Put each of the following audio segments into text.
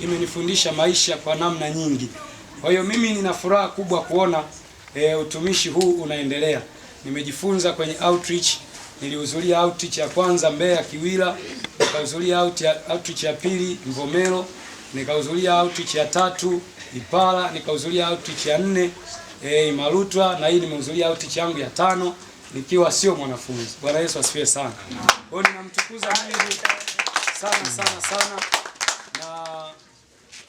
imenifundisha maisha kwa namna nyingi. Kwa hiyo mimi nina furaha kubwa kuona e, utumishi huu unaendelea. Nimejifunza kwenye outreach, nilihudhuria outreach ya kwanza Mbeya Kiwira, nikahudhuria outreach ya pili Mvomero, nikahudhuria outreach ya tatu Ipala, nikahudhuria outreach ya nne e, Imalutwa, na hii nimehudhuria outreach yangu ya tano nikiwa sio mwanafunzi. Bwana Yesu asifiwe sana. Kwa hiyo ninamtukuza Mungu sana sana sana.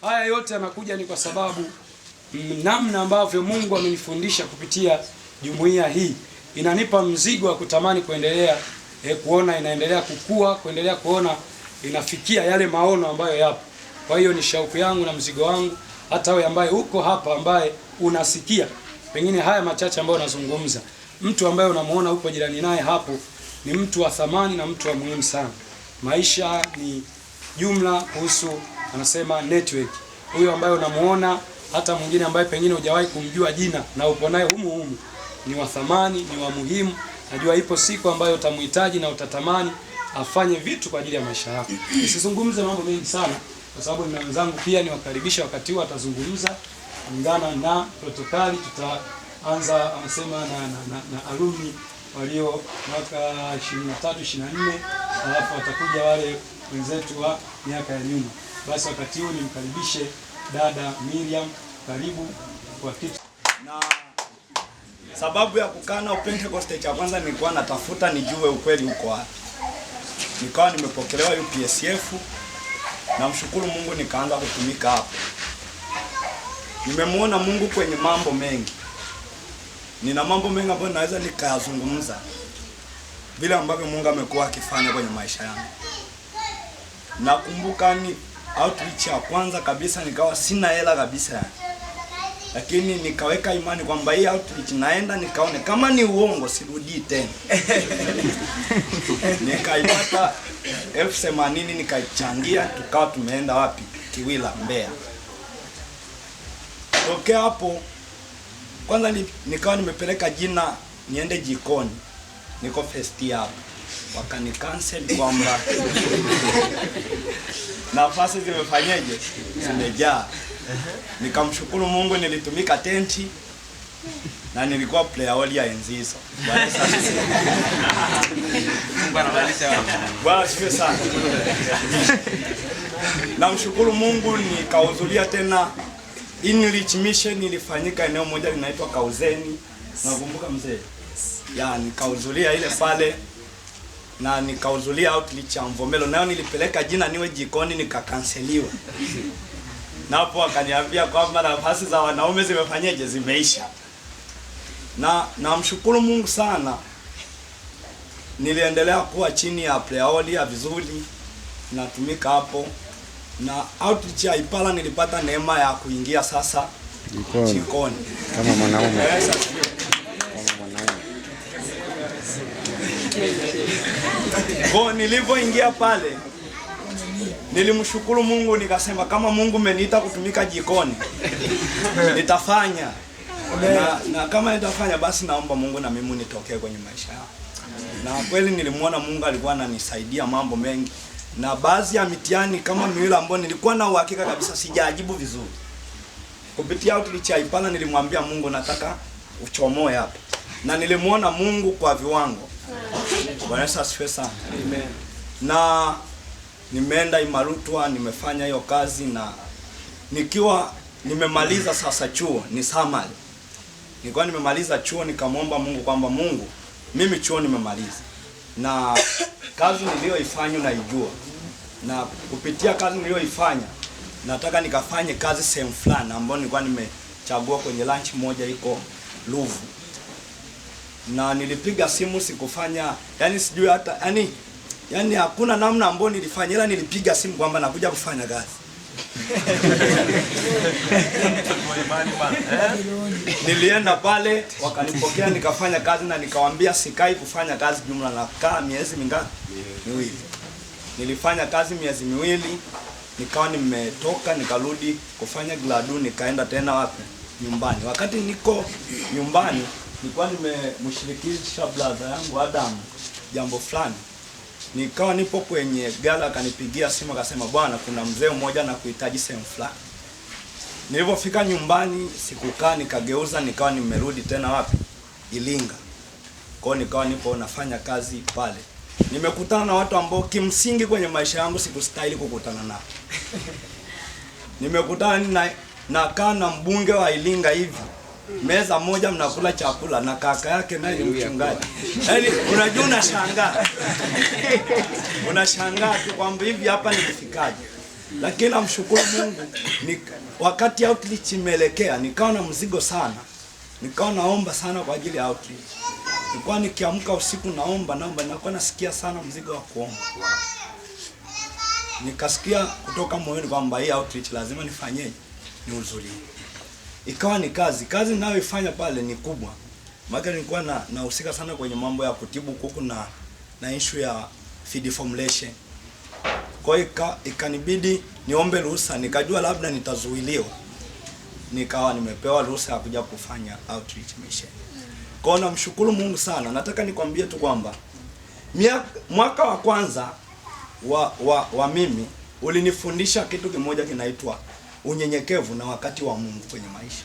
Haya yote yanakuja ni kwa sababu mm, namna ambavyo Mungu amenifundisha kupitia jumuiya hii inanipa mzigo wa kutamani kuendelea eh, kuona inaendelea kukua, kuendelea kuona inafikia yale maono ambayo yapo. Kwa hiyo ni shauku yangu na mzigo wangu, hata wewe ambaye uko hapa, ambaye unasikia pengine haya machache ambayo unazungumza, mtu ambaye unamuona huko jirani naye hapo, ni mtu wa thamani na mtu wa muhimu sana. Maisha ni jumla kuhusu anasema network. Huyo ambaye unamuona hata mwingine ambaye pengine hujawahi kumjua jina na upo naye humu humu, ni wa thamani, ni wa muhimu. Najua ipo siku ambayo utamhitaji na utatamani afanye vitu kwa ajili ya maisha yako. sizungumze mambo mengi sana, kwa sababu nina wenzangu pia, niwakaribisha wakati huu atazungumza kulingana na protokali. Tutaanza anasema na, na, na, na alumni walio mwaka 23 24 alafu watakuja wale wenzetu wa miaka ya nyuma. Basi wakati huu nimkaribishe dada Miriam, karibu kwa kitu. Na sababu ya kukaa upentekoste cha kwanza nilikuwa natafuta nijue ukweli uko wapi, nikawa nimepokelewa UPSF, namshukuru Mungu, nikaanza kutumika hapo. Nimemwona Mungu kwenye mambo mengi, nina mambo mengi ambayo naweza nikayazungumza vile ambavyo Mungu amekuwa akifanya kwenye maisha yangu. Nakumbuka ni outreach ya kwanza kabisa, nikawa sina hela kabisa ya lakini nikaweka imani kwamba hii outreach naenda nikaone kama ni uongo sirudii tena. Nikaipata elfu themanini nikaichangia, tukawa tumeenda wapi? Kiwila, Mbeya. Tokea hapo kwanza nikawa nimepeleka jina niende jikoni niko first year wakani cancel kwamba nafasi zimefanyeje, zimejaa. Nikamshukuru Mungu, nilitumika tenti na nilikuwa player wali ya enzi Namshukuru Mungu nikahudhuria tena inrich Mission ilifanyika eneo moja linaitwa Kauzeni. Nakumbuka mzee ya nikahudhuria ile pale na nikahudhuria outreach ya Mvomero, nayo nilipeleka jina niwe jikoni, nikakanseliwa napo akaniambia kwamba nafasi za wanaume zimefanyaje, zimeisha. Na namshukuru Mungu sana, niliendelea kuwa chini ya Preolia vizuri, natumika hapo na outreach ya Ipala nilipata neema ya kuingia sasa jikoni kama mwanaume Kwa nilivyoingia pale nilimshukuru Mungu, nikasema kama Mungu ameniita kutumika jikoni nitafanya na, na kama nitafanya basi, naomba Mungu na mimi nitokee kwenye maisha yao. Na kweli nilimwona Mungu alikuwa ananisaidia mambo mengi, na baadhi ya mitihani kama miwili ambayo nilikuwa na uhakika kabisa sijajibu vizuri, kupitia tulichaipana, nilimwambia Mungu nataka uchomoe hapa, na nilimwona Mungu kwa viwango Bwana Yesu asifiwe sana. Amen. Na nimeenda Imarutwa, nimefanya hiyo kazi na nikiwa nimemaliza sasa chuo ni samali. Nilikuwa nimemaliza chuo nikamwomba Mungu kwamba Mungu, mimi chuo nimemaliza na kazi niliyoifanya naijua, na kupitia kazi niliyoifanya nataka nikafanye kazi sehemu fulani ambayo nilikuwa nimechagua kwenye lunch moja iko Luvu na nilipiga simu sikufanya, yani sijui hata yani, yani hakuna namna ambayo nilifanya, ila nilipiga simu kwamba nakuja kufanya kazi nilienda pale wakanipokea, nikafanya kazi na nikawambia sikai kufanya kazi jumla, nakaa miezi mingapi? Miwili. Nilifanya kazi miezi miwili, nikawa nimetoka, nikarudi kufanya gladu, nikaenda tena wapi? Nyumbani. Wakati niko nyumbani nilikuwa nimemshirikisha brother yangu Adam jambo fulani, nikawa nipo kwenye gala, akanipigia simu akasema, bwana, kuna mzee mmoja kuhitaji sehemu fulani. Nilipofika nyumbani sikukaa, nikageuza, nikawa nimerudi tena wapi, Ilinga kwao, nikawa nipo nafanya kazi pale. Nimekutana na watu ambao kimsingi kwenye maisha yangu sikustahili kukutana nao. Nimekutana na na kana mbunge wa Ilinga hivi meza moja mnakula chakula na kaka yake naye ni mchungaji. Yaani unajua unashangaa. Unashangaa tu kwamba hivi hapa nilifikaje. Lakini namshukuru Mungu ni wakati outreach imeelekea nikawa na mzigo sana. Nikawa naomba sana kwa ajili ya outreach. Nilikuwa nikiamka usiku naomba naomba nilikuwa nasikia sana mzigo wa kuomba. Nikasikia kutoka moyoni kwamba hii outreach lazima nifanyeje? Ni Nihudhurie ikawa ni kazi. Kazi ninayoifanya pale ni kubwa, maana nilikuwa na nahusika sana kwenye mambo ya kutibu kuku na na issue ya feed formulation. Kwa hiyo ikanibidi niombe ruhusa, nikajua labda nitazuiliwa, nikawa nimepewa ruhusa ya kuja kufanya outreach mission. Kwa na namshukuru Mungu sana. Nataka nikwambie tu kwamba mwaka wa kwanza wa, wa, wa mimi ulinifundisha kitu kimoja kinaitwa unyenyekevu na wakati wa Mungu kwenye maisha.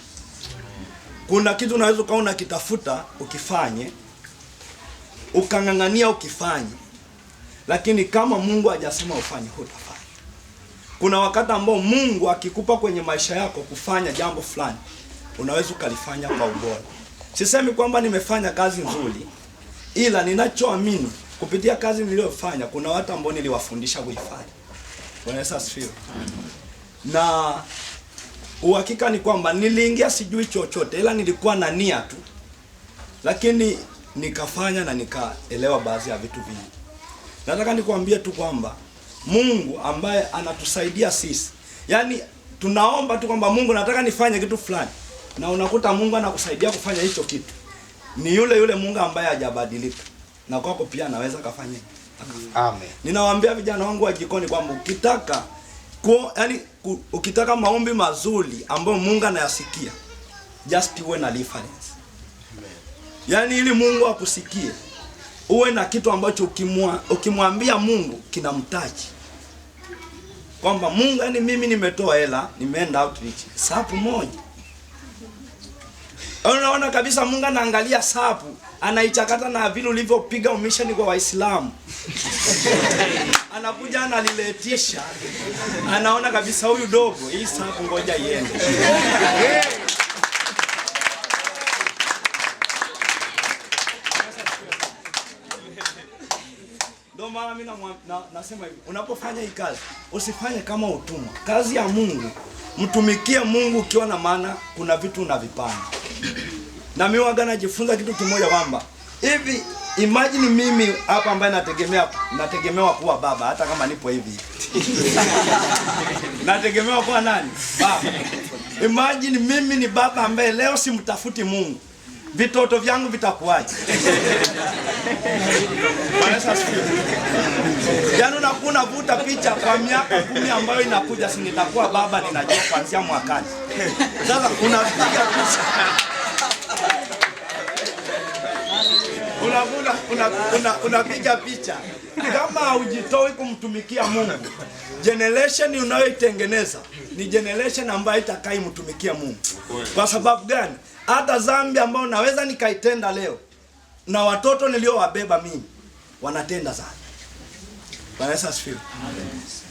Kuna kitu unaweza ukaona kitafuta ukifanye, ukang'ang'ania ukifanye, lakini kama Mungu hajasema ufanye, hutafanya. Kuna wakati ambao Mungu akikupa kwenye maisha yako kufanya jambo fulani, unaweza ukalifanya kwa ubora. Sisemi kwamba nimefanya kazi nzuri, ila ninachoamini kupitia kazi niliyofanya, kuna watu ambao niliwafundisha kuifanya. Bwana Yesu asifiwe na uhakika ni kwamba niliingia sijui chochote, ila nilikuwa na nia tu, lakini nikafanya na nikaelewa baadhi ya vitu vingi. Nataka nikuambie tu kwamba Mungu ambaye anatusaidia sisi, yaani tunaomba tu kwamba Mungu, nataka nifanye kitu fulani, na unakuta Mungu anakusaidia kufanya hicho kitu. Ni yule yule Mungu ambaye hajabadilika, na kwako pia anaweza kafanya. Amen. Ninawaambia vijana wangu wa jikoni kwamba ukitaka kwa yani ukitaka maombi mazuri ambayo Mungu anayasikia, just uwe na reference. Yaani ili Mungu akusikie, uwe na kitu ambacho ukimwa, ukimwambia Mungu kinamtaji. Kwamba Mungu, yani mimi nimetoa hela, nimeenda outreach, sapu moja. Unaona kabisa Mungu anaangalia sapu, anaichakata na vile ulivyopiga umisheni kwa Waislamu. anakuja analiletisha, anaona kabisa huyu dogo, hii safu ngoja iende. Ndio maana na, nasema hivi, unapofanya hii kazi usifanye kama utumwa. Kazi ya Mungu mtumikie Mungu ukiwa na maana, kuna vitu unavipanga. Na mi waga najifunza kitu kimoja kwamba hivi Imagine mimi hapa ambaye nategemea nategemewa kuwa baba hata kama nipo hivi. Nategemewa kuwa nani? Baba. Imagine mimi ni baba ambaye leo simtafuti Mungu. Vitoto vyangu vitakuaje? Yaani unakuna vuta picha kwa miaka kumi ambayo inakuja si nitakuwa baba ninajua kuanzia mwakani. Sasa unapiga picha. unapiga una, una, picha kama haujitoi kumtumikia Mungu, generation unayoitengeneza ni generation ambayo itakaimtumikia Mungu. Kwa sababu gani? Hata dhambi ambayo naweza nikaitenda leo na watoto niliowabeba mimi wanatenda sana. Bwana Yesu asifiwe.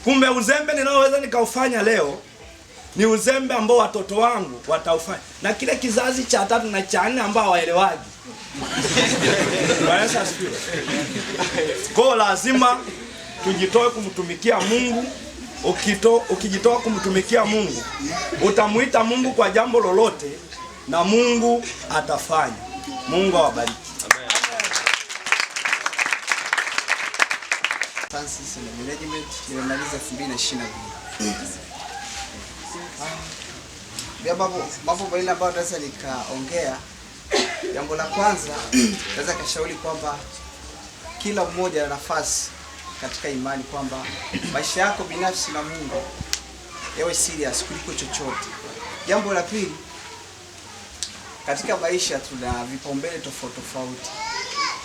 Kumbe uzembe ninaoweza nikaufanya leo ni uzembe ambao watoto wangu wataufanya na kile kizazi cha tatu na cha nne ambao hawaelewagi. Kwa lazima tujitoe kumtumikia Mungu. Ukito, ukijitoa kumtumikia Mungu utamwita Mungu kwa jambo lolote na Mungu atafanya. Mungu awabariki. Amen. Ah. mambo mawili ambayo naweza nikaongea. Jambo la kwanza, naweza kashauri kwamba kila mmoja ana nafasi katika imani, kwamba maisha yako binafsi na Mungu yawe serious kuliko chochote. Jambo la pili, katika maisha tuna vipaumbele tofauti tofauti,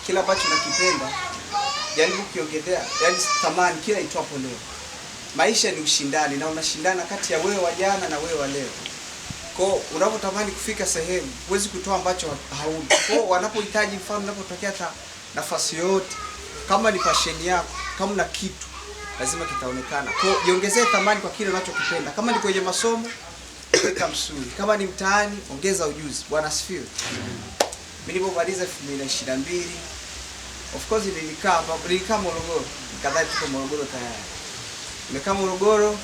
kila ambacho nakipenda jaribu kiongelea, yani tamani kila itwapo leo maisha ni ushindani, na unashindana kati ya wewe wa jana na wewe wa leo. Kwa unapotamani kufika sehemu, huwezi kutoa ambacho hauna. Kwa wanapohitaji, mfano unapotokea ta nafasi yoyote, kama ni passion yako, kama una kitu lazima kitaonekana. Kwa jiongezee thamani kwa kile unachokipenda, kama ni kwenye masomo weka msuri, kama ni mtaani ongeza ujuzi. Bwana asifiwe. Mimi nilipomaliza 2022 of course nilikaa hapa, nilikaa Morogoro, kadhaa tuko Morogoro tayari Nimekaa Morogoro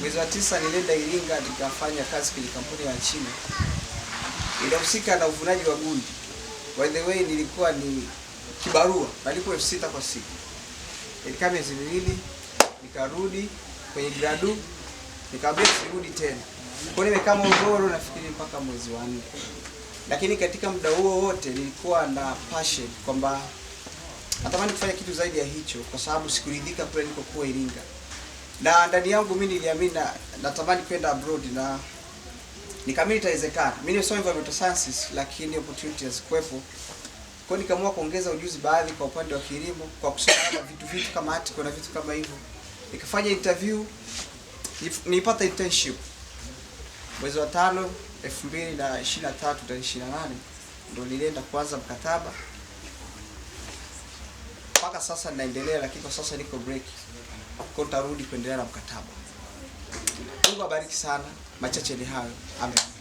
mwezi wa tisa, nilienda Iringa nikafanya kazi kwenye kampuni ya China inahusika na uvunaji wa gundi. By the way, nilikuwa ni kibarua, nalipo elfu sita kwa siku. Nilikaa miezi miwili, nikarudi kwenye gradu, nikaambia sirudi tena. Kwa hiyo nimekaa Morogoro nafikiri mpaka mwezi wa nne, lakini katika muda huo wote nilikuwa na passion kwamba natamani kufanya kitu zaidi ya hicho, kwa sababu sikuridhika kule nilikokuwa Iringa na ndani yangu mimi niliamini na natamani kwenda abroad na nikaamini itawezekana. Mimi nisoma environmental sciences, lakini opportunities hazikuwepo. Kwa hiyo nikaamua kuongeza ujuzi baadhi kwa upande wa kilimo kwa kusoma vitu vitu kama hati na vitu kama hivyo. Nikafanya interview, nilipata internship mwezi wa tano elfu mbili na ishirini na tatu tarehe ishirini na nane ndo nilienda kwanza mkataba. Mpaka sasa ninaendelea, lakini kwa sasa niko break kwa tutarudi kuendelea na mkataba. Mungu abariki sana. Machache ni hayo. Amen.